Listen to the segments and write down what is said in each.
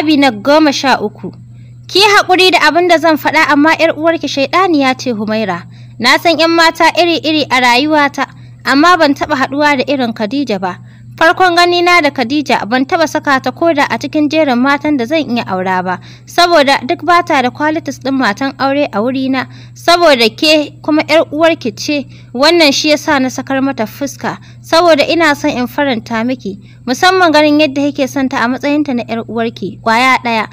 Abi na goma sha uku. Ki haƙuri da abin da zan faɗa amma ‘yar uwarki shaiɗaniya ce Humaira. Na san ‘yan mata iri-iri a rayuwata, amma ban taɓa haɗuwa da irin Khadija ba. Farkon ganina da Khadija ban taba saka ta koda a cikin jerin matan da zan iya aura ba, saboda duk bata da qualities ɗin matan aure a wurina, saboda ke kuma ‘yar uwarki ce, wannan shi yasa na sakar mata fuska, saboda ina son in faranta miki, musamman ganin yadda yake son ta a matsayinta na ‘yar uwarki, kwaya ɗaya.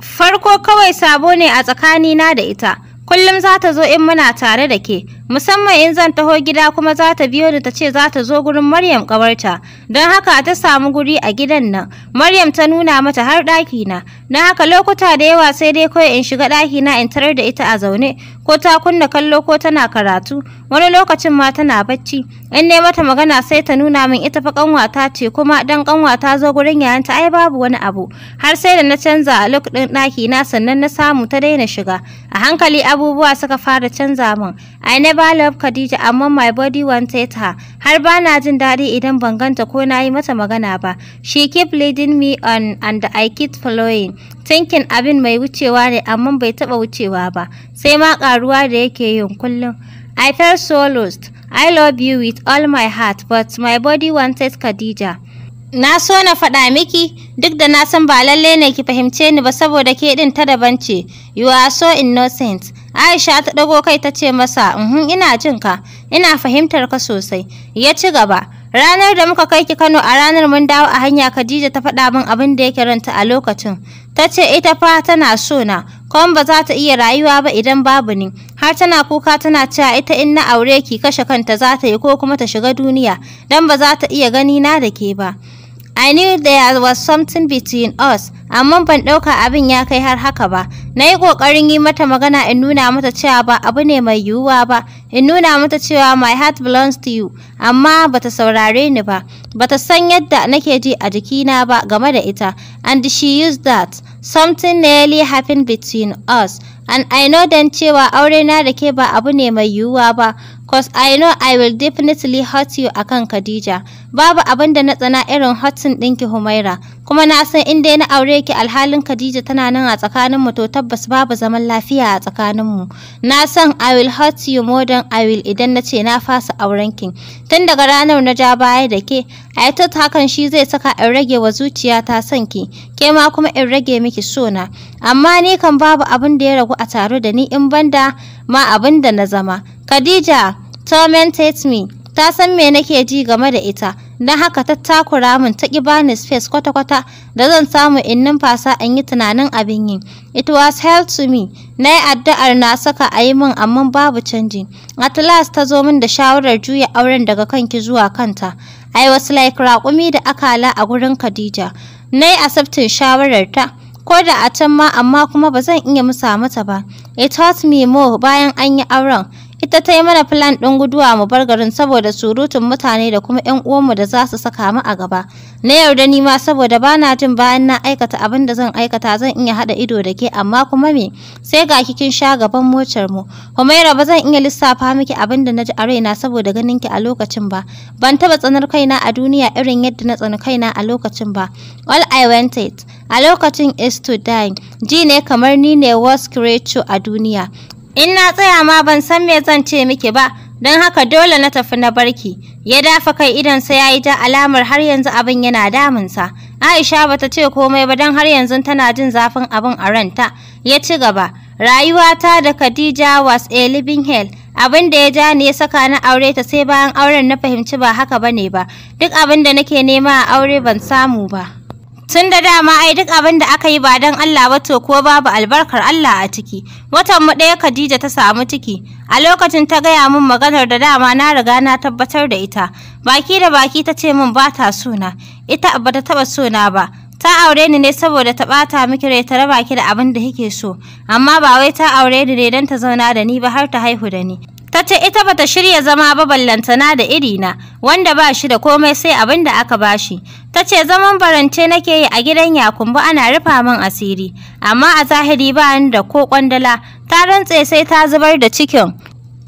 Farko kawai sabo ne a tsakanina da ita. Kullum za ta zo in muna tare da ke, musamman in zan taho gida kuma za ta biyo ni ta ce za ta zo gurin Maryam ƙawarta. Don haka ta samu guri a gidan nan. Maryam ta nuna mata har ɗaki na. Don haka lokuta da yawa sai dai kawai in shiga ɗaki na in tarar da ita a zaune, ko ta kunna kallo ko tana karatu, wani lokacin ma tana bacci. in ne mata magana sai ta nuna min ita fa kanwata ce kuma dan kanwata zo gurin yayanta ai babu wani abu har sai da na canza look din daki na sannan na samu ta daina shiga a hankali abubuwa suka fara canza min i never love khadija amma my body wanted her har ba na jin daɗi idan ban ganta ko na yi mata magana ba she keep leading me on and i keep following thinking abin mai wucewa ne amma bai taɓa wucewa ba, sai ma karuwa da yake yin kullum. I felt so lost. I love you with all my heart, but my body wanted Khadija. Na so na faɗa miki duk da na san ba lalle ne ki fahimce ni ba saboda ke ɗin ta daban ce. You are so innocent. Aisha ta ɗago kai ta ce masa, "Mhm, ina jin ka, ina fahimtar ka sosai." Ya ci gaba, "Ranar da muka kai ki Kano a ranar mun dawo a hanya Khadija ta faɗa min abin da yake ranta a lokacin. Ta ce ita fa tana so na, kuma ba za ta iya rayuwa ba idan babu ni har tana kuka tana cewa ita in na aure ki kashe kanta za ta yi ko kuma ta shiga duniya dan ba za ta iya gani na da ke ba I knew there was something between us, amma ban ɗauka abin ya kai har haka ba. Na yi ƙoƙarin yi mata magana in nuna mata cewa ba abu ne mai yiwuwa ba, in nuna mata cewa my heart belongs to you, amma bata saurare ni ba, bata san yadda nake ji a jikina ba game da ita, and she used that. Something nearly happened between us. And I know dan cewa aure na da ke ba abu ne mai yiwuwa ba, Cause I know I will definitely hurt you akan Khadija. Babu abin da na tsana irin hurtin ɗinki Humaira. Kuma na san in dai na aure ki alhalin Khadija tana nan a tsakaninmu to tabbas babu zaman lafiya a tsakaninmu. Na san I will hurt you more than I will idan na ce na fasa auren ki. Tun daga ranar na ja baya da ke, I thought hakan shi zai saka in rage wa zuciya ta son ki. Ke ma kuma in rage miki sona. Amma ni kan babu abin da ya ragu a tare da ni in banda ma abin da na zama. Khadija tormented me ta san me nake ji game da ita don haka ta takura min ta ƙi bani space kwata-kwata da zan samu in numfasa in yi tunanin abin yi it was hell to me na yi addu'ar na saka a yi min amma babu canji at last ta zo min da shawarar juya auren daga kanki zuwa kanta i was like raƙumi da akala a gurin khadija na yi asabtin shawarar ta ko da a can ma amma kuma ba zan iya musa mata ba it hurt me more bayan an yi auren Ita ta yi mana filan ɗin guduwa mu bar garin saboda surutun mutane da kuma ‘yan uwanmu da za su saka mu a gaba. Na yarda ni ma saboda ba na jin bayan na aikata abin da zan aikata zan iya haɗa ido da ke amma kuma me sai ga kikin sha gaban motar mu. Humaira ba zan iya lissafa miki abin da na ji a raina saboda ganin ki a lokacin ba. Ban taɓa tsanar kaina a duniya irin yadda na tsani kaina a lokacin ba. All I wanted a lokacin is to die. Ji ne kamar ni ne worst creature a duniya. In na tsaya ma ban san me zan ce miki ba, don haka dole na tafi na barki. Ya dafa kai idan ya yayi ta alamar har yanzu abin yana damun sa Aisha bata ce komai ba don har yanzu tana jin zafin abin a ranta. Ya ci gaba, rayuwata da Khadija was a living hell. abin da ya ja ni ya saka na aure ta sai bayan auren na fahimci ba haka bane ba duk abin da nake nema a aure ban samu ba Tun da dama ai duk abin da aka yi ba don Allah ba to kuwa babu albarkar Allah a ciki. Watan mu ɗaya Khadija ta samu ciki. A lokacin ta gaya min maganar da dama na riga na tabbatar da ita. Baki da baki ta ce min ba ta suna. Ita ba ta taɓa suna ba. Ta aure ni ne saboda ta ɓata miki rai ta raba ki da abin da kike so. Amma ba wai ta aure ni ne don ta zauna da ni ba har ta haihu da ni. ta ce ita bata shirya zama ba ballantana da irina wanda ba shi da komai sai abin da aka bashi Ta ce zaman barance nake yi a gidan Yakumbu ana rufa min asiri, amma a zahiri ba ni da ko kwandala, ta rantse sai ta zubar da cikin.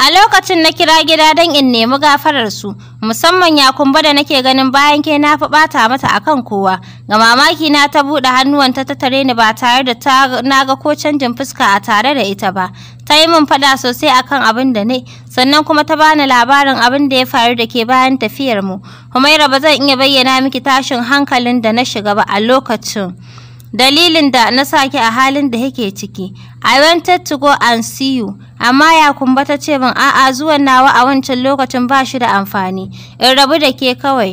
A lokacin na kira gida don in nemi gafarar su, musamman Yakumbu da nake ganin bayan ke na fi bata mata akan kowa. Ga mamaki na ta buɗe hannuwanta ta tare ni ba tare da ta naga ko canjin fuska a tare da ita ba. ta yi min faɗa sosai akan abin da ne sannan kuma ta bani labarin abin da ya faru da ke bayan tafiyar mu Humaira ba zan iya bayyana miki tashin hankalin da na shiga ba a lokacin dalilin da na saki a halin da yake ciki I wanted to go and see you amma ya kumba ta ce min a'a zuwan nawa a wancan lokacin ba shi da amfani in rabu da ke kawai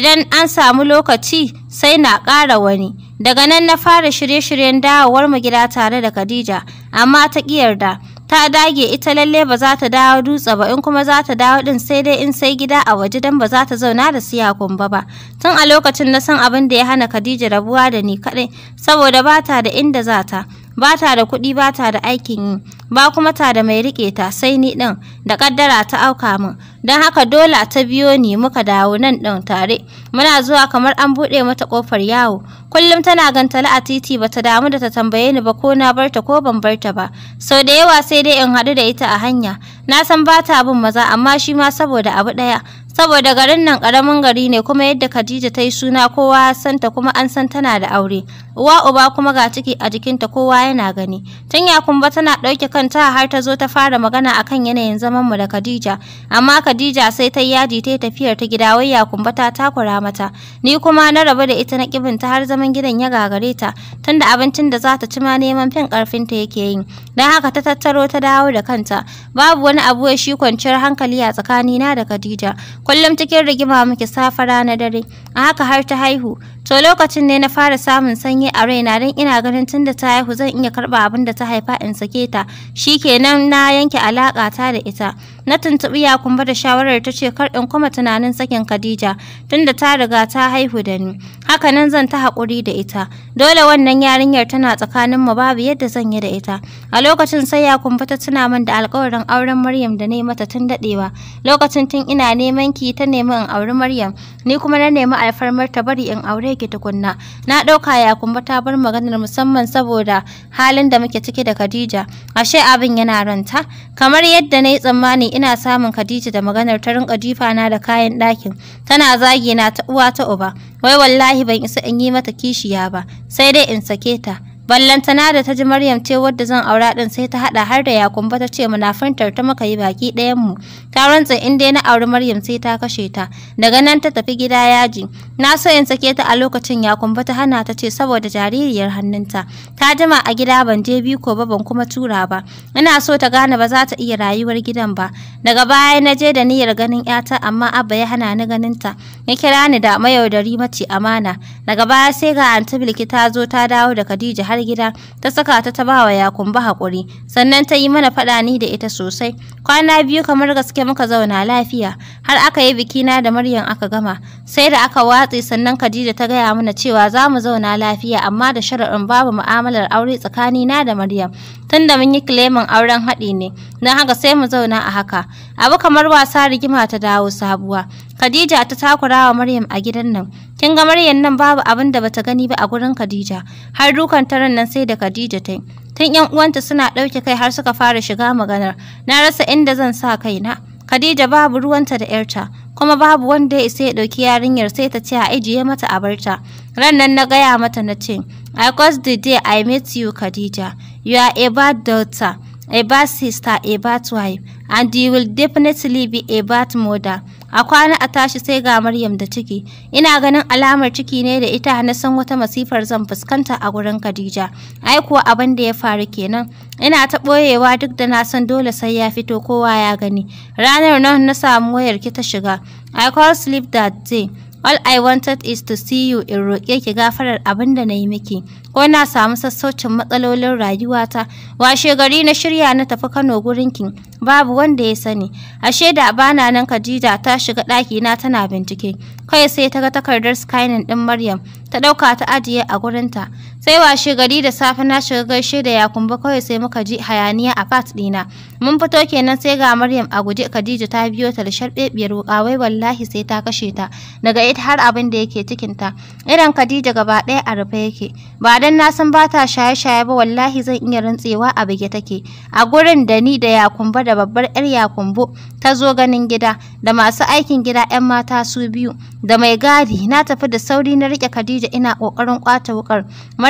idan an samu lokaci sai na ƙara wani daga nan na fara shirye-shiryen dawowar mu gida tare da Khadija amma ta ƙi yarda ta dage ita lalle ba za ta dawo dutse ba in kuma za ta dawo din sai dai in sai gida a waje dan ba za ta zauna da su yakumba ba tun a lokacin na san abin da ya hana Khadija rabuwa da ni kadai saboda ba ta da inda za ta ba ta da kuɗi ba ta da aikin yi ba kuma ta da mai riƙe ta sai ni ɗin da ƙaddara ta auka min don haka dole ta biyo ni muka dawo nan ɗin tare muna zuwa kamar an buɗe mata ƙofar yawo kullum tana gantala a titi bata damu da ta tambaye ni ba ko na barta ko ban barta ba sau da yawa sai dai in haɗu da ita a hanya na san ba ta bin maza amma shi ma saboda abu ɗaya saboda garin nan ƙaramin gari ne kuma yadda Khadija ta yi suna kowa santa kuma an san tana da aure uwa uba kuma ga ciki a jikinta kowa yana gani tun yakumba tana ɗauke kanta har ta zo ta fara magana a kan yanayin zaman mu da Khadija amma Khadija sai ta yaji ta tafiyar ta gida wai yakumba ta takura mata ni kuma na raba da ita na kibin ta har zaman gidan ya gagare ta tunda abincin da za ta ci ma neman fin karfin ta yake yin dan haka ta tattaro ta dawo da kanta babu wani abu ya shi kwanciyar hankali a tsakanina da Khadija kullum cikin rigima muke safara na dare a haka har ta haihu To lokacin ne na fara samun sanyi a raina don ina ganin tun da ta haihu zan iya karɓa abin da ta haifa in sake ta. shi kenan na yanke alaƙa ta da ita. na tuntuɓi ya kuma da shawarar ta ce kar in kuma tunanin sakin Khadija tunda ta riga ta haihu da ni Haka nan zan ta haƙuri da ita dole wannan yarinyar tana tsakanin mu babu yadda zan yi da ita a lokacin sai ya kuma ta tuna min da alƙawarin auren Maryam da ne mata tun daɗewa lokacin tun ina neman ki ta nemi in auri Maryam ni kuma na nemi alfarmar ta bari in aure ki tukunna na ɗauka ya kuma ta bar maganar musamman saboda halin da muke ciki da Khadija ashe abin yana ranta kamar yadda na yi tsammani ina samun Khadija da maganar ta rinka jifa na da kayan ɗakin. Tana zagi na ta uwa ta uba. Wai wallahi ban isa in yi mata kishiya ba, sai dai in sake ta. Ballantana da ta ji Maryam ce wadda zan aura din sai ta haɗa. har da Yakumba ta ce muna munafintar ta muka yi baki ɗayan mu. Ta rantsa in dai na auri Maryam sai ta kashe ta. Daga nan ta tafi gida yaji. Na so in sake ta a lokacin Yakumba ta hana ta ce saboda jaririyar hannunta. Ta jima a gida ban je ko ba ban kuma tura ba. Ina so ta gane ba za ta iya rayuwar gidan ba. Daga baya na je da niyyar ganin 'yata amma Abba ya hana ni ganin ta. Ya kira ni da mayaudari mace amana. Daga baya sai ga Antibilki ta zo ta dawo da Khadija har gida ta saka ta ta bawa yakumba haƙuri sannan ta yi mana faɗa ni da ita sosai kwana biyu kamar gaske muka zauna lafiya har aka yi biki na da Maryam aka gama sai da aka watsi sannan Khadija ta gaya mana cewa za mu zauna lafiya amma da shari'in babu mu'amalar aure tsakani na da Maryam tunda mun yi kilemin auren haɗi ne don haka sai mu zauna a haka abu kamar wasa rigima ta dawo sabuwa Khadija ta takura wa Maryam a gidan nan kin ga Maryam nan babu abin da bata gani ba a gurin Khadija har dukan taran nan sai da Khadija ta yi tun yan uwanta suna ɗauke kai har suka fara shiga maganar na rasa inda zan sa kaina Khadija babu ruwanta da ‘yarta, kuma babu wanda ya isa ya ɗauki yarinyar sai ta ce a ajiye mata a barta. Ran nan na gaya mata na ce, I caused the day I met you, Khadija. You are a bad daughter, a bad sister, a bad wife, and you will definitely be a bad mother. a kwana a tashi sai ga Maryam da ciki ina ganin alamar ciki ne da ita na san wata masifar zan fuskanta a gurin Khadija ai kuwa abin da ya faru kenan ina ta boyewa duk da na san dole sai ya fito kowa ya gani ranar nan na samu wayar ki ta shiga I call sleep that day All I wanted is to see you in roƙe ki gafarar abin da na yi miki. Ko na samu sassaucin matsalolin rayuwata. Washe gari na shirya na tafi Kano gurin ki? Babu wanda ya sani. Ashe da bana nan Khadija ta shiga ɗaki na tana bincike. Kai sai ta ga takardar scanning ɗin Maryam. Ta ɗauka ta ajiye a gurinta. sai washe gari da safe na shiga gaishe da yakumba kawai sai muka ji hayaniya a fat dina mun fito kenan sai ga maryam a guje khadija ta biyo ta da sharbebiyar wuka wai wallahi sai ta kashe ta daga ita har abin da yake cikin ta Irin khadija gaba ɗaya a rufe yake ba dan na san bata shaye shaye ba wallahi zan iya rantsewa a bige take a gurin da ni da yakumba da babbar yar yakumbo ta zo ganin gida da masu aikin gida yan mata su biyu da mai gadi na tafi da sauri na rike khadija ina kokarin kwata wukar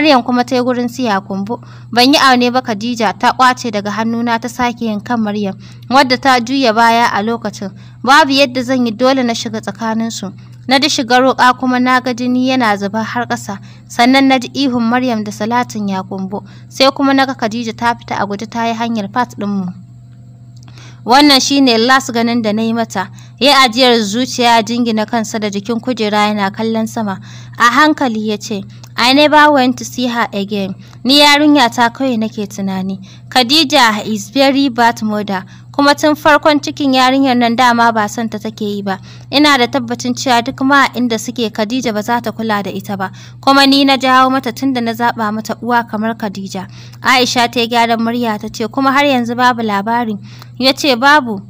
Maryam kuma ta yi gurin su kumbu. Ban yi aune ba Khadija ta kwace daga hannuna ta sake yin kan Maryam, wadda ta juya baya a lokacin. Babu yadda zan yi dole na shiga tsakanin su Na ji shiga roƙa kuma na ga jini yana zuba har ƙasa, sannan na ji ihun Maryam da salatin Yakumbo, sai kuma na ga Khadija ta fita a guje ta yi hanyar fat ɗinmu. Wannan shine las ganin da na yi mata. ya ajiyar zuciya jingina kansa da jikin kujera yana kallon sama a hankali ya ce I never went to see her again. Ni yarinya ta kawai nake tunani. Khadija is very bad mother. Kuma tun farkon cikin yarinyar nan dama ba son ta take yi ba. Ina da tabbacin cewa duk ma inda suke Khadija ba za ta kula da ita ba. Kuma ni na jawo mata tunda na zaba mata uwa kamar Khadija. Aisha ta gyara murya ta ce kuma har yanzu babu labarin. Ya ce babu.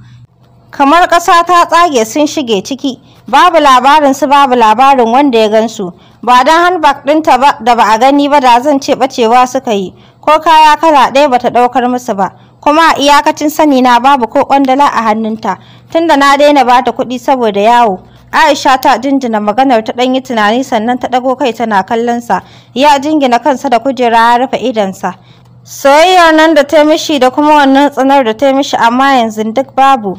Kamar ƙasa ta tsage sun shige ciki. babu labarin su babu labarin wanda ya gansu ba don handbag dinta ba da ba a gani ba da zan ce bacewa suka yi ko kaya kala ɗaya bata ɗaukar musu ba kuma a iyakacin sani na babu ko kwandala a hannunta tunda na daina bata kuɗi saboda yawo Aisha ta jinjina maganar ta ɗan yi tunani sannan ta ɗago kai tana kallon sa ya jingina kansa da kujera ya rufe idonsa soyayyar nan da ta mishi da kuma wannan tsanar da ta mishi amma yanzu duk babu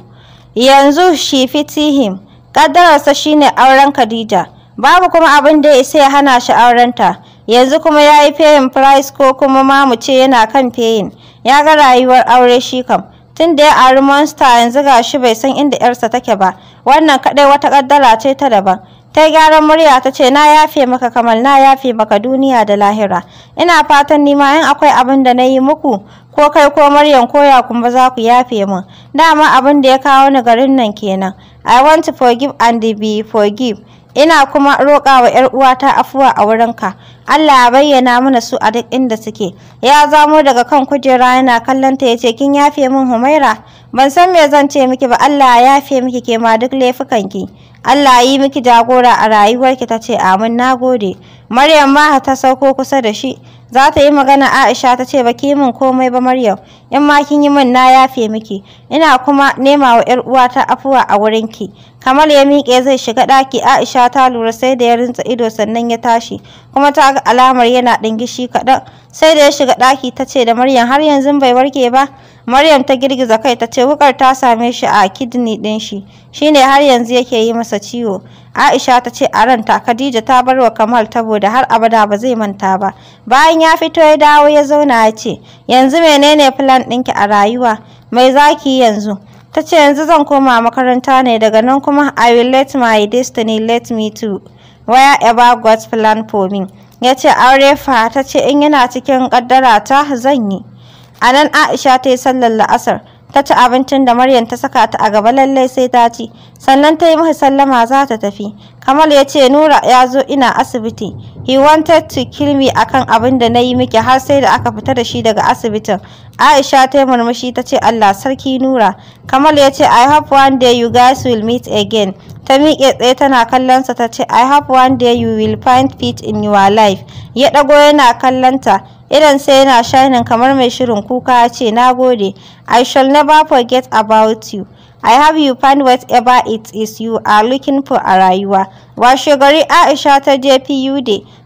yanzu shi him. Ƙaddararsa shine auren Khadija. Babu kuma abin da ya isa ya hana shi aurenta. Yanzu kuma ya yi feyin price ko kuma ma mu ce yana kan feyin. Ya ga rayuwar aure shi kam. Tun da ya ari monster yanzu ga shi bai san inda 'yarsa take ba. Wannan kaɗai wata ƙaddara ce ta daban. ta gyaran murya ta ce na yafe maka kamal na yafe maka duniya da lahira ina fatan nima in akwai abin da na yi muku ko kai ko maryam koya kuma za ku yafe min dama abin da ya kawo ni garin nan kenan i want to forgive and be forgive ina kuma roƙa wa ‘yar uwata afuwa a wurinka. Allah ya bayyana mana su a duk inda suke. Ya zamo daga kan kujera yana kallon ta yace kin yafe min Humaira. Ban san me zan ce miki ba Allah ya yafe miki ke ma duk laifukanki. Allah yi miki jagora a rayuwarki tace amin nagode. Maryam ma ta sauko kusa da shi. za ta yi magana Aisha ta ce baki min komai ba Maryam in ma kin yi min na yafe miki ina kuma nema wa uwa ta afuwa a wurin ki Kamal ya miƙe zai shiga ɗaki Aisha ta lura sai da ya rintsa ido sannan ya tashi kuma ta ga alamar yana ɗingishi kaɗan sai da ya shiga ɗaki ta ce da Maryam har yanzu bai warke ba Maryam ta girgiza kai ta ce wukar ta same shi a kidney ɗin shi shine har yanzu yake yi masa ciwo Aisha ta ce a ranta Khadija ta bar wa Kamal da har abada ba zai manta ba. Bayan ya fito ya dawo ya zauna ya ce, "Yanzu menene plan ɗinki a rayuwa? Mai zaki yanzu?" Ta ce, "Yanzu zan koma makaranta ne daga nan kuma I will let my destiny let me to where ever God's plan for me." Ya ce, "Aure fa," ta ce, "In yana cikin ƙaddara ta zan yi." A nan Aisha ta yi sallar la'asar. ta ci abincin da Maryam ta saka ta a gaba lallai sai ta ci sannan ta yi masa sallama za ta tafi Kamal ya ce Nura ya zo ina asibiti he wanted to kill me akan abin da na yi miki har sai da aka fita da shi daga asibitin Aisha ta yi murmushi ta ce Allah sarki Nura Kamal ya ce I hope one day you guys will meet again ta miƙe tsaye tana kallonsa ta ce I hope one day you will find peace in your life ya ɗago yana kallonta Idan sai yana shining kamar mai shirin kuka ya ce, Na gode, I shall never forget about you. I have you find whatever it is you are looking for a rayuwa. Washe gari Aisha ta je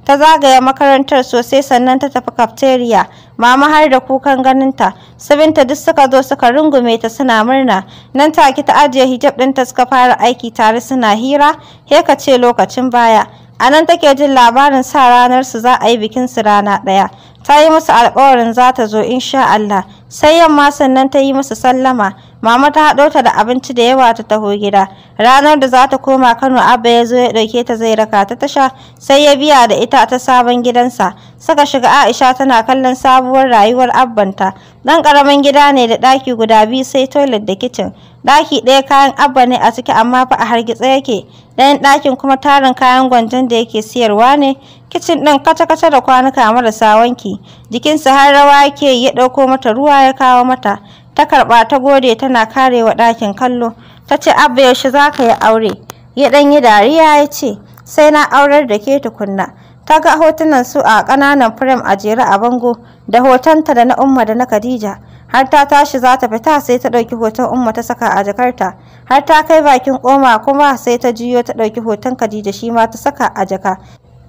ta zagaya makarantar sosai sannan ta tafi cafeteria. Mama har da kukan ganinta, sabinta duk suka zo suka rungume ta suna murna. Nan take ta ajiye hijab ɗinta suka fara aiki tare suna hira, he ce lokacin baya. A nan take jin labarin sa ranar su za a yi bikin su rana ɗaya. ta yi musu alƙawarin za ta zo insha Allah sai yamma sannan ta yi musu sallama Mama ta haɗo ta da abinci da yawa ta taho gida. Ranar da za ta koma Kano Abba ya zo ya ɗauke ta zai raka ta tasha sai ya biya da ita ta sabon gidansa. Saka shiga Aisha tana kallon sabuwar rayuwar abbanta. ɗan ƙaramin gida ne da ɗaki guda biyu sai toilet da kicin. Ɗaki ɗaya kayan abba ne a ciki amma fa a hargitse yake. Ɗayan ɗakin kuma tarin kayan gwanjon da yake siyarwa ne. Kicin ɗin kaca-kaca da kwanuka marasa wanki. Jikinsa har rawa yake ya ɗauko mata ruwa ya kawo mata. ta karba ta gode tana kare wa ɗakin kallo ta ce abba yaushe za ka yi aure ya ɗan yi dariya ya ce sai na aurar da ke tukunna ta ga hotunan su a ƙananan firam a jere a bango da hotonta da na umma da na khadija har ta tashi za ta fita sai ta ɗauki hoton umma ta saka a jakarta har ta kai bakin koma kuma sai ta jiyo ta ɗauki hoton khadija shi ma ta saka a jaka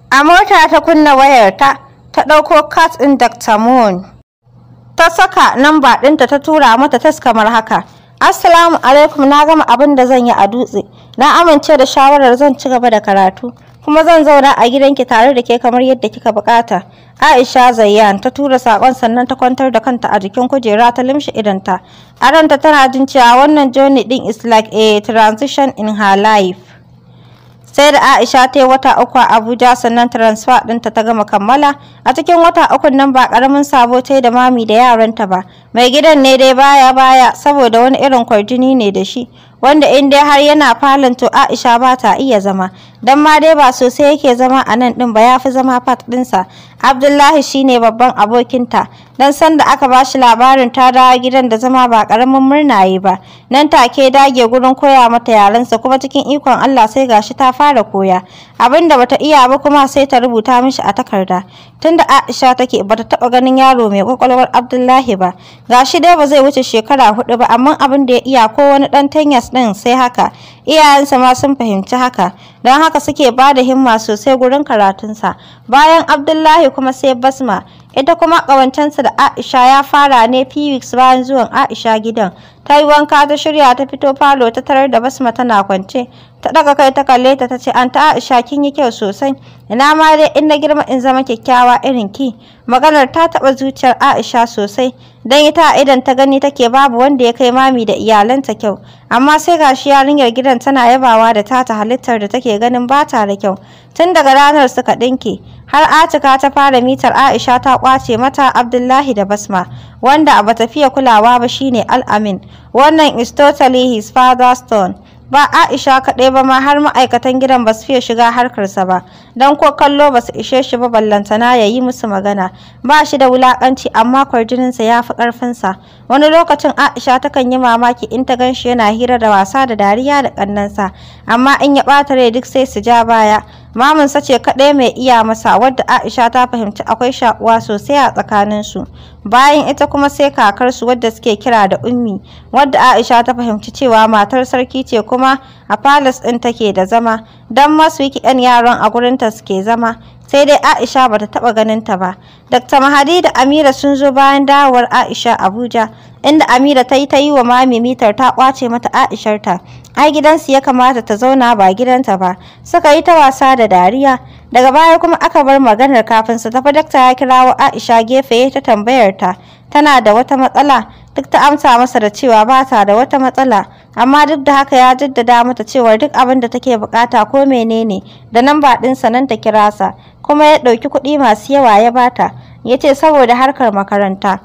a mota ta kunna wayarta ta ɗauko cat in dr moon ta saka namba ɗinta ta tura mata tas kamar haka assalamu alaikum na gama abin da zan yi a dutse na amince da shawarar zan ci gaba da karatu kuma zan zauna a gidanki tare da ke kamar yadda kika bukata Aisha Zayyan ta tura sakon sannan ta kwantar da kanta a jikin kujera ta limshi idanta a ranta tana jin cewa wannan journey din is like a transition in her life sai da Aisha ta yi wata uku a Abuja sannan transfer ɗinta ta gama kammala a cikin wata uku nan ba ƙaramin sabo ta yi da mami da yaranta ba mai gidan ne dai baya baya saboda wani irin kwarjini ne da shi wanda in dai har yana falon to Aisha ba ta iya zama dan ma dai ba sosai yake zama a nan din ba ya fi zama fat sa Abdullahi shine babban abokinta dan san da aka bashi labarin ta dawo gidan da zama ba karamin murnaye ba nan take dage gurin koya mata yarensa kuma cikin ikon Allah sai gashi ta fara koya abinda bata iya ba kuma sai ta rubuta mishi a takarda tunda Aisha take bata taba ganin yaro mai kwakwalwar Abdullahi ba gashi dai ba zai wuce shekara hudu ba amma abin da ya iya ko wani dan tanya Din sai haka iyayensa ma sun fahimci haka don haka suke ba da himma sosai gurin karatunsa bayan Abdullahi kuma sai Basma ita kuma ƙawancensa da Aisha ya fara ne Felix bayan zuwan Aisha gidan ta yi wanka ta shirya ta fito falo ta tarar da Basma tana kwance ta daga kai ta kalle ta tace an ta Aisha kin yi kyau sosai ina ma dai in na girma in zama kyakkyawa irin ki maganar ta taba zuciyar Aisha sosai dan ita a idan ta gani take babu wanda ya kai mami da iyalanta kyau amma sai gashi yarinyar gidan tana yabawa da ta ta halittar da take ganin bata da kyau tun daga ranar suka dinke har Atika ta fara mitar Aisha ta kwace mata Abdullahi da Basma wanda a bata fiye kulawa ba shine Al-Amin wannan is totally his father's stone ba Aisha kaɗai ba ma har ma'aikatan gidan ba su fiye shiga harkarsa ba don ko kallo ba su ishe shi ba ballantana ya yi musu magana ba shi da wulaƙanci amma kwarjininsa ya fi ƙarfinsa wani lokacin Aisha takan yi mamaki in ta gan shi yana hira da wasa da dariya da ƙannansa amma in ya ɓata rai duk sai su ja baya sa ce kaɗai mai iya masa wadda aisha ta fahimci akwai shakuwa sosai a tsakaninsu bayan ita kuma sai kakarsu wadda suke kira da ummi wadda aisha ta fahimci cewa matar sarki ce kuma a palace ɗin take da zama don masu yi 'yan yaron a ta suke zama sai dai Aisha bata taba ganin ta ba. Dr. Mahadi da Amira sun zo bayan dawowar Aisha Abuja inda Amira ta yi ta yi wa mami mitar ta kwace mata Aisharta. Ai gidansu ya kamata ta zauna ba gidanta ba. Suka yi ta wasa da dariya. Daga baya kuma aka bar maganar kafin su tafi dakta ya kirawo Aisha gefe ta tambayar ta. Tana da wata matsala duk ta amsa masa da cewa ba ta da wata matsala. Amma duk da haka ya jaddada mata cewa duk abin da take bukata ko menene da nan ba ɗinsa nan ta kirasa, Kuma ya ɗauki kuɗi masu yawa ya bata. Ya ce saboda harkar makaranta.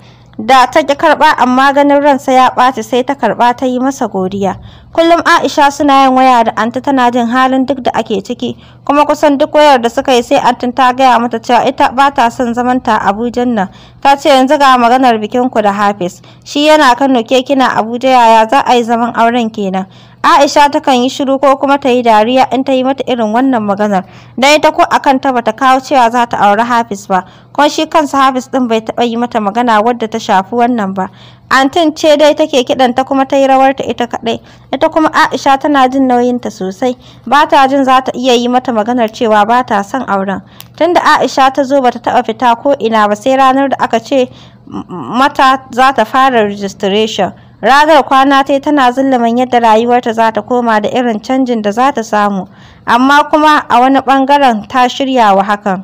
da ta ki karɓa amma ganin ransa ya ɓaci sai ta karɓa ta yi masa godiya kullum Aisha suna yin waya da anta tana jin halin duk da ake ciki kuma kusan duk wayar da suka yi sai antin ta gaya mata cewa ita ba ta son zaman ta Abuja nan ta ce yanzu ga maganar bikin ku da Hafiz shi yana Kano ke kina Abuja yaya za a yi zaman auren kenan Aisha takan yi shiru ko kuma ta yi dariya in ta yi mata irin wannan maganar. Da ita ko a ta bata kawo cewa za ta auri Hafiz ba, ko shi kansa Hafiz din bai taɓa yi mata magana wadda ta shafi wannan ba. Antin ce dai take kiɗan ta kuma ta yi rawar ita kaɗai. Ita kuma Aisha tana jin nauyin ta sosai, ba ta jin za ta iya yi mata maganar cewa ba ta son auren. Tunda Aisha ta zo bata taɓa fita ko ina ba sai ranar da aka ce mata za ta fara registration. Ragar kwana tai tana zullumin yadda rayuwarta za ta koma da irin canjin da za ta samu, amma kuma a wani ɓangaren ta shirya wa hakan.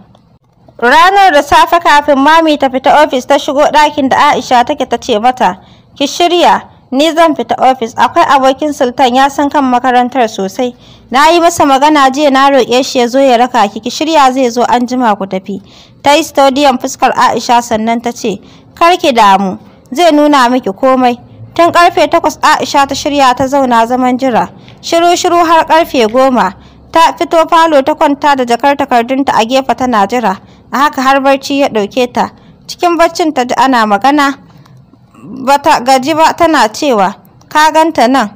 Ranar da safe kafin mami ta fita ofis ta shigo ɗakin da Aisha take ta ce mata, ki shirya, ni zan fita ofis akwai abokin sultan ya san kan makarantar sosai na yi masa magana jiya na roƙe shi ya zo ya raka ki ki shirya zai zo an jima ku tafi ta yi stodiyon fuskar aisha sannan ta ce kar ki damu zai nuna miki komai Tun karfe takwas Aisha ta shirya ta zauna zaman jira. Shiru-shiru har karfe goma. Ta fito falo ta kwanta da jakar takardunta a gefe tana jira. A haka har barci ya ɗauke ta. Cikin barcin ta ji ana magana. Bata gaji ba tana cewa, ka ganta nan.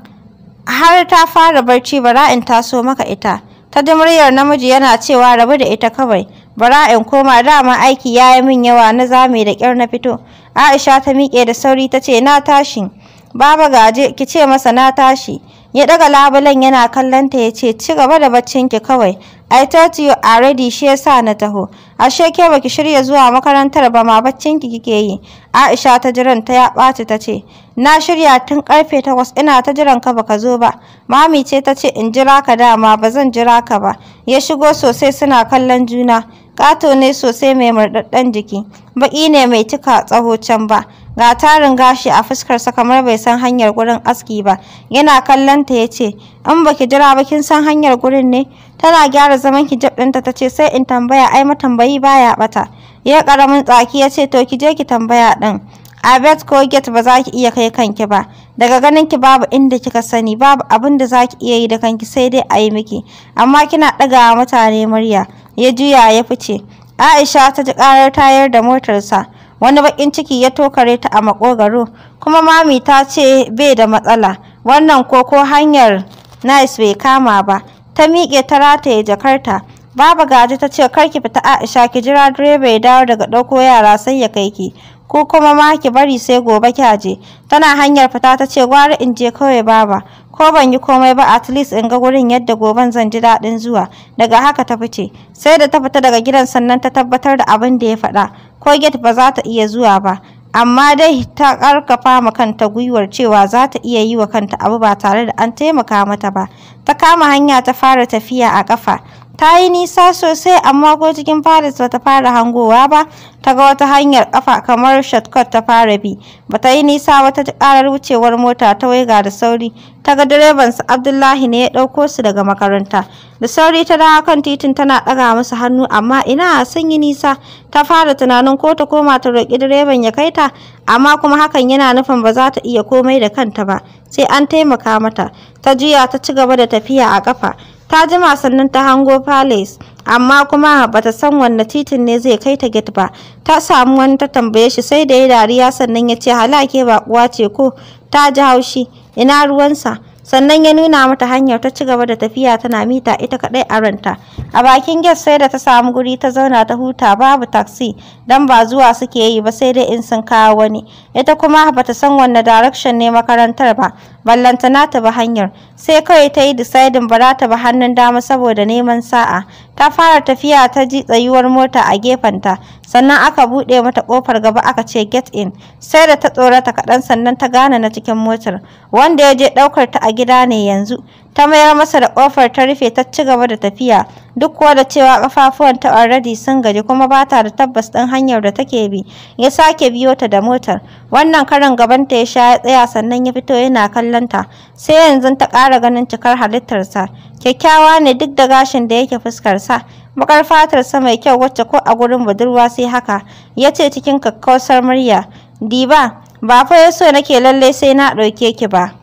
Har ta fara barci bara in taso maka ita. ta ji muryar namiji yana cewa rabu da ita kawai bara in koma dama aiki ya yi min yawa na zame da ƙyar na fito aisha ta miƙe da sauri ta ce na tashi baba gaje ki ce masa na tashi ya daga labulen yana kallon ta yace ci gaba da baccin ki kawai I thought you already shi yasa na taho ashe ke baki shirya zuwa makarantar ba ma baccin ki kike yi Aisha ta jiran ta ya ɓaci ta ce na shirya tun karfe takwas ina ta jiran ka baka zo ba mami ce ta ce in jira ka dama ba zan jira ka ba ya shigo sosai suna kallon juna kato ne sosai mai murɗaɗɗen jiki, baƙi ne mai cika tsaho can ba, ga tarin gashi a fuskarsa kamar bai san hanyar gurin aski ba, yana kallon ta ya ce, in ki jira ba kin san hanyar gurin ne, tana gyara zaman hijab ɗinta ta ce sai in tambaya ai matambayi baya ɓata. Ya ƙaramin tsaki yace to ki je ki tambaya ɗin. a bet ko get ba za ki iya kai kanki ba daga ganin ki babu inda kika sani babu abin da za ki iya yi da kanki sai dai a yi miki amma kina ɗaga mutane murya ya juya ya fice aisha ta ji karar tayar da motarsa wani bakin ciki ya tokare ta a makogaro kuma mami ta ce bai da matsala wannan koko hanyar nice bai kama ba ta miƙe ta rataye jakarta Baba Gaji ta ce kar ki fita Aisha ki jira direba ya dawo daga ɗauko yara sai ya kai ki. ko kuma ma ki bari sai gobe ki aje tana hanyar fita ta ce gwara in je kawai baba ko ban yi komai ba at least in ga gurin yadda goben zan ji daɗin zuwa daga haka ta fice sai da ta fita daga gidan sannan ta tabbatar da abin da ya faɗa ko gate ba za ta iya zuwa ba amma dai ta karkafa ma kanta gwiwar cewa za ta iya yi wa kanta abu ba tare da an taimaka mata ba ta kama hanya ta fara tafiya a ƙafa ta yi nisa sosai amma ko cikin paris ba ta fara hangowa ba ta ga wata hanyar kafa kamar shortcut ta fara bi Ba ta yi nisa wata karar wucewar mota ta waiga da sauri ta ga direban su abdullahi ne ya ɗauko su daga makaranta da sauri ta dawo kan titin tana ɗaga masa hannu amma ina sun yi nisa ta fara tunanin ko ta koma ta roƙi direban ya kai ta amma kuma hakan yana nufin ba za ta iya komai da kanta ba sai an taimaka mata ta juya ta ci gaba da tafiya a ƙafa ta jima sannan ta hango palace amma kuma bata san wanne titin ne zai kai ta gate ba ta samu wani ta tambaye shi sai da ya dariya sannan ya ce halake ba kuwa ce ko ta ji haushi ina ruwansa sannan ya nuna mata hanyar ta ci gaba da tafiya tana mita ita kadai a ranta a bakin gate sai da ta samu guri ta zauna ta huta babu taxi dan ba zuwa suke yi ba sai dai in sun kawo wani ita kuma bata san wanne direction ne makarantar ba ballantana ta ba hanyar sai kawai ta yi disaidin ba za ta ba hannun dama saboda neman sa'a ta fara tafiya ta ji tsayuwar mota a gefenta sannan aka buɗe mata ƙofar gaba aka ce get in sai da ta tsorata kaɗan sannan ta gane na cikin motar wanda ya je ɗaukar ta a gida ne yanzu ta mayar masa da ƙofar ta rufe ta ci gaba da tafiya duk kuwa da cewa ƙafafuwan ta already sun gaji kuma ba ta da tabbas ɗin hanyar da take bi ya sake biyo ta da motar wannan karin gabanta ya sha ya tsaya sannan ya fito yana kallon ta sai yanzu ta ƙara ganin cikar halittarsa kyakkyawa ne duk da gashin da yake fuskarsa bakar fatarsa mai kyau wacce ko a gurin budurwa sai haka ya ce cikin kakkausar murya diba ba fa yaso so nake lallai sai na ɗauke ki ba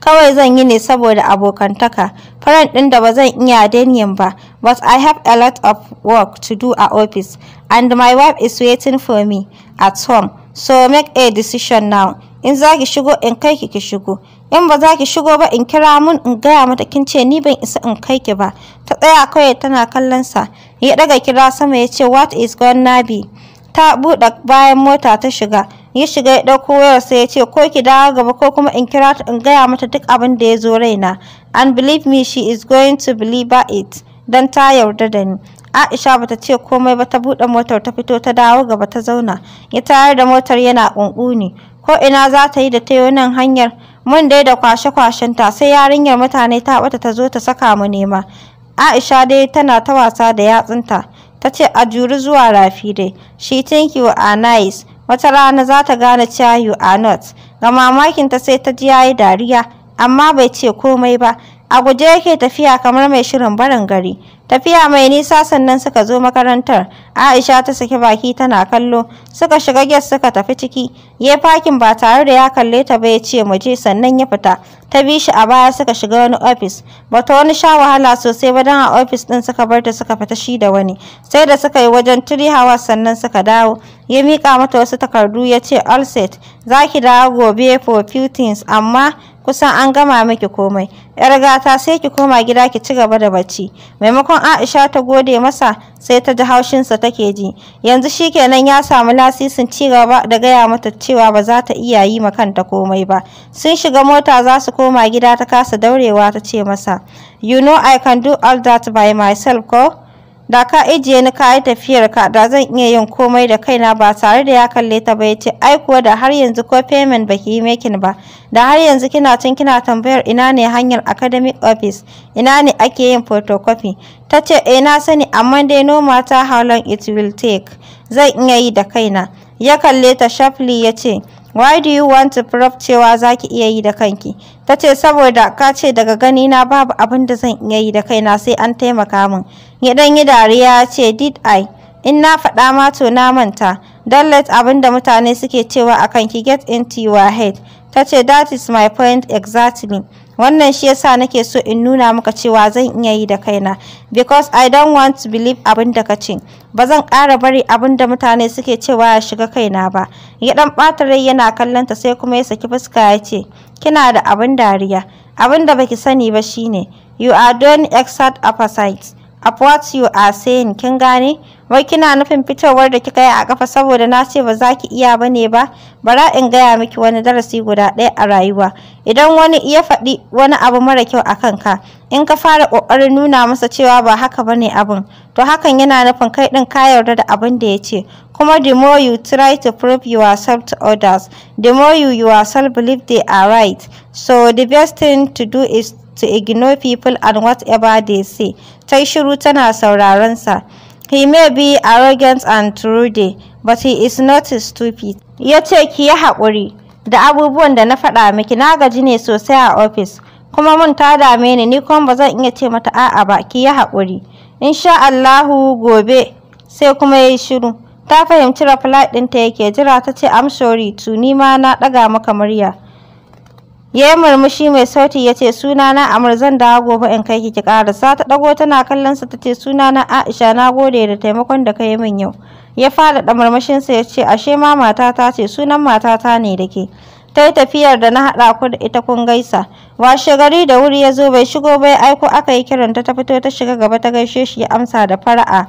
Kawai zan yi ne saboda abokantaka. Faran ɗin da ba zan iya daniyan ba. But I have a lot of work to do a office. And my wife is waiting for me at home. So make a decision now. In za ki shigo in kai ki ki shigo. In ba za ki shigo ba in kira mun in gaya mata kin ce ni ban isa in kai ki ba. Ta tsaya kawai tana kallon sa. Ya daga kira sama ya ce what is gonna be. Ta buɗe bayan mota ta shiga. ya shiga ya ɗauko wayar sai ya ce ko ki dawo gaba ko kuma in kira ta in gaya mata duk abin da ya zo raina and believe me she is going to believe it don ta yarda da ni Aisha bata ce komai ba ta buɗe motar ta fito ta dawo gaba ta zauna ya tayar da motar yana ƙunƙuni ko ina za ta yi da ta nan hanyar mun dai da kwashe-kwashen ta sai yarinyar mutane ta bata ta zo ta saka mu nema Aisha dai tana ta wasa da yatsunta ta ce a juri zuwa rafi dai she think you are nice wata rana za ta gane cewa a are not ga mamakinta sai ta ji ya yi dariya amma bai ce komai ba a guje yake tafiya kamar mai shirin barin gari Tafiya mai nisa sannan suka zo makarantar. Aisha ta saki baki tana kallo. Suka shiga gas suka tafi ciki. Ya fakin ba tare da ya kalle ta ba ya ce mu je sannan ya fita. Ta bi shi a baya suka shiga wani ofis. Bata wani sha wahala sosai ba dan a ofis din suka bar ta suka fita shi da wani. Sai da suka yi wajen tiri hawa sannan suka dawo. Ya mika mata wasu takardu ya ce all set. Za ki dawo gobe for few things amma kusan an gama miki komai yar gata sai ki koma gida ki ci gaba da bacci maimakon aisha ta gode masa sai ta ji haushinsa take ji yanzu shi kenan ya samu lasisin ci gaba da gaya mata cewa ba za ta iya yi ma kanta komai ba sun shiga mota za su koma gida ta kasa daurewa ta ce masa you know i can do all that by myself ko da ka ajiye ni ka yi tafiyar ka da zan iya yin komai da kaina ba tare da ya kalle ta ba yace ai kuwa da har yanzu ko payment baki yi making ba da har yanzu kina tun kina tambayar ina ne hanyar academic office ina ne ake yin photocopy ta ce eh na sani amma dai no matter how long it will take zan iya yi da kaina ya kalle ta sharply ya ce Why do you want to prove cewa za ki iya yi da kanki? Ta ce saboda ka ce daga gani na babu abin da zan iya yi da kaina sai an taimaka min. Ya dan yi dariya ya ce did I? In na faɗa ma to na manta. Don let abin da mutane suke cewa a kanki get into your head. Ta ce that is my point exactly. wannan shi yasa nake so in nuna maka cewa zan iya yi da kaina because i don't want to believe abin da ka ba zan ƙara bari abin da mutane suke cewa ya shiga kaina ba ya dan ɓata rai yana kallon ta sai kuma ya saki fuska ya ce kina da abin dariya abin da baki sani ba shine you are doing exact opposite up what you are saying kin gane wai kina nufin fitowar da kika yi a kafa saboda na ce ba za ki iya ba ne ba bara in gaya miki wani darasi guda ɗaya a rayuwa idan wani ya faɗi wani abu mara kyau a kanka in ka fara ƙoƙarin nuna masa cewa ba haka ba ne abin to hakan yana nufin kai ɗin ka yarda da abin da ya ce kuma the more you try to prove yourself to others the more you yourself believe they are right so the best thing to do is to ignore people and whatever they say. Tai shiru tana sa. He may be arrogant and rude but he is not stupid. Ya ce ki yi hakuri! da abubuwan da na faɗa miki na gaji ne sosai a ofis. kuma mun ta dame ni ni kuma ba zan iya ce mata a'a ba ki yi haƙuri insha Allahu gobe sai kuma yayi shiru ta fahimci reply ɗinta yake jira ta ce I'm sorry to ni ma na ɗaga maka murya ya yi murmushi mai sauti ya ce suna na amur zan dawo gobe in kai ki ki karasa ta dago tana kallon sa tace na aisha na gode da taimakon da ka yi min yau ya fara da murmushin sa ya ce ashe ma matata ce sunan matata ne da ke ta yi tafiyar da na haɗa ku da ita kun gaisa washe gari da wuri ya zo bai shigo bai aiko aka yi kiranta ta fito ta shiga gaba ta gaishe shi ya amsa da fara'a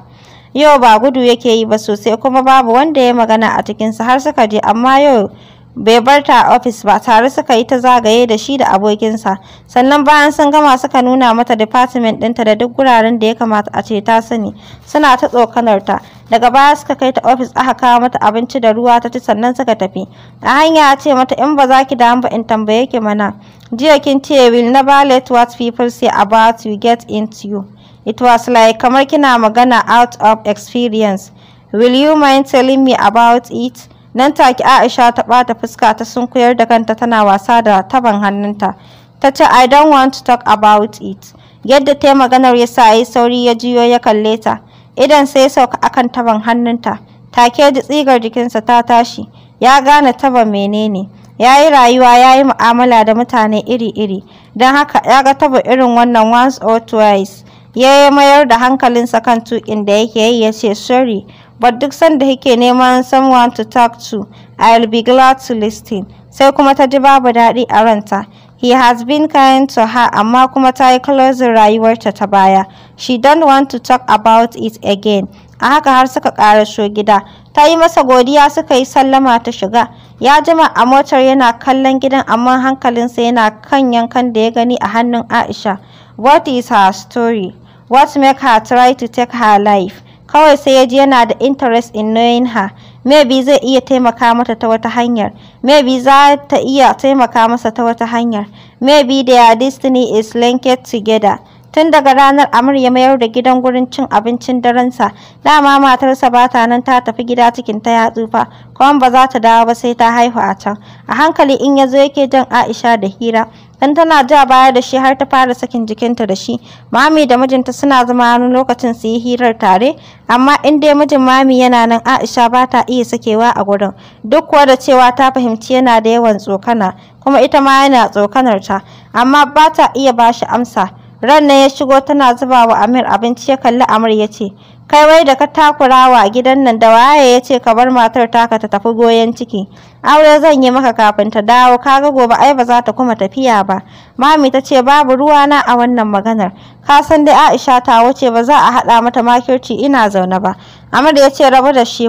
yau ba gudu yake yi ba sosai kuma babu wanda ya magana a cikinsa har suka je amma yau bai bar ta a ofis ba tare suka yi ta zagaye da shi da abokinsa sannan bayan sun gama suka nuna mata department ɗinta da duk guraren da ya kamata a ce ta sani suna ta tsokanar ta daga baya suka kai ta ofis aka kawo mata abinci da ruwa ta ci sannan suka tafi a hanya ya ce mata in ba za ki damu ba in tambaye ki mana jiya kin ce will never let what people say about you get into you it was like kamar kina magana out of experience will you mind telling me about it nan take Aisha ta bata fuska ta sunkuyar da kanta tana wasa da taban hannunta. Ta ce, I don't want to talk about it. Yadda ta yi maganar ya sa yi sauri ya jiyo ya kalle ta. Idan sai sauka akan taban hannunta. Take ji tsigar jikinsa ta tashi. Ya gane taba menene. Ya yi rayuwa ya yi mu'amala da mutane iri-iri. Don haka ya ga taba irin wannan once or twice. Ya mayar da hankalinsa kan tuƙin da yake yi ya ce, Sorry, but duk sanda yake neman someone to talk to, I'll be glad to listen. Sai kuma ta ji babu daɗi a ranta. He has been kind to her amma kuma ta yi close rayuwarta ta baya. She don't want to talk about it again. A haka har suka ƙarasho gida. Ta yi masa godiya suka yi sallama ta shiga. Ya jima a motar yana kallon gidan amma hankalinsa yana kan yankan da ya gani a hannun Aisha. What is her story? What make her try to take her life? kawai sai ya ji yana da interest in knowing her maybe zai iya taimaka mata ta wata hanyar maybe za ta iya taimaka masa ta wata hanyar maybe their destiny is linked together tun daga ranar amur ya mayar da gidan gurin cin abincin darensa dama matarsa ba ta nan ta tafi gida cikin ta ya tsufa kuma ba za ta dawo ba sai ta haihu a can a hankali in ya zo yake jan aisha da hira dan tana ja baya da shi har ta fara sakin jikinta da shi mami da mijinta suna zama wani lokacin su yi hirar tare amma in dai mijin mami yana nan Aisha ba ta iya sakewa a gurin duk kuwa da cewa ta fahimci yana da yawan tsokana kuma ita ma yana tsokanar ta amma ba ta iya ba shi amsa Ranna ya shigo tana zuba wa Amir abinci ya kalli Amir ya ce, Kai wai da ka takurawa gidan nan da waye ya ce ka bar matar taka ta tafi goyon ciki. Aure zan yi maka kafin ta dawo, kaga gobe ai ba za ta kuma tafiya ba. Mami ta ce babu ruwana a wannan maganar. Ka san dai Aisha ta wuce ba za a haɗa mata makirci ina zaune ba. Amir ya ce rabu da shi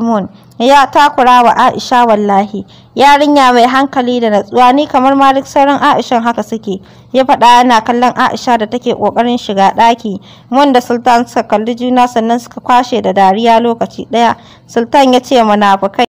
ya takura wa Aisha wallahi yarinya mai hankali da natsuwa ni kamar ma sauran Aishan haka suke ya faɗa yana kallon Aisha da take kokarin shiga ɗaki wanda Sultan suka kalli juna sannan suka kwashe da dariya lokaci ɗaya Sultan ya ce munafukai